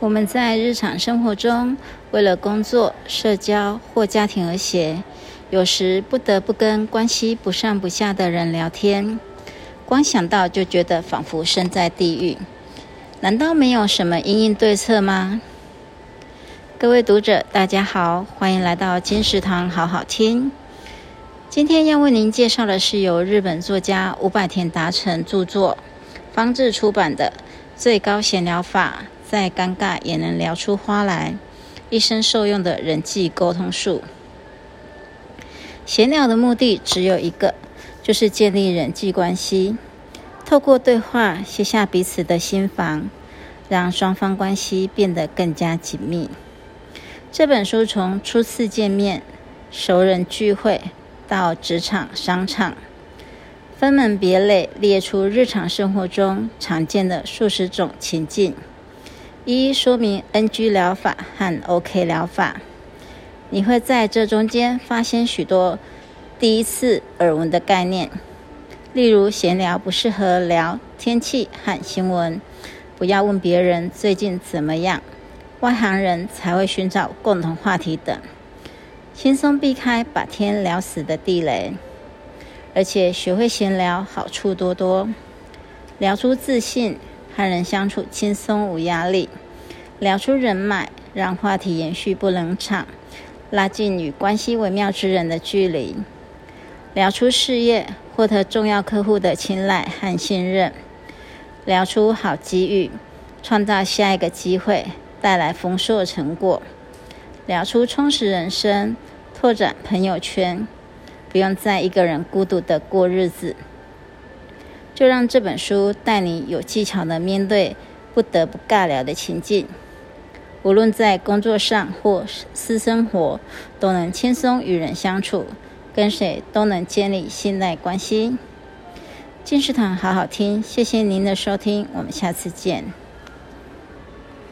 我們在日常生活中，為了工作、社交或家庭和諧，有時不得不跟關係不上不下的人聊天，光想到就覺得仿佛身在地獄，難道沒有什麼因應對策嗎？各位讀者，大家好，歡迎來到金石堂好好聽。今天要為您介紹的是由日本作家五百田達成著作、方志出版的《最高閒聊法》。再尷尬也能聊出花來，一生受用的人際溝通術。閒聊的目的只有一個，就是建立人際關係，透過對話卸下彼此的心防，讓雙方關係變得更加緊密。這本書從初次見面、熟人聚會到職場、商場，分門別類列出日常生活中常見的數十種情境。一,一說明 NG 聊法和 OK 聊法，你會在這中間發現許多第一次耳聞的概念，例如閒聊不適合聊天氣和新聞，不要問別人最近怎麼樣，外行人才會尋找共同話題等，輕鬆避開把天聊死的地雷，而且學會閒聊好處多多，聊出自信。和人相處輕鬆無壓力，聊出人脈，讓話題延續不冷場，拉近與關係微妙之人的距離；聊出事業，獲得重要客戶的青睞和信任；聊出好機遇，創造下一個機會，帶來豐碩的成果；聊出充實人生，拓展朋友圈，不用再一個人孤獨的過日子。就讓這本書帶你有技巧的面對不得不尬聊的情境，無論在工作上或私生活，都能輕鬆與人相處，跟誰都能建立信賴關係。金石堂好好聽，謝謝您的收聽，我們下次見。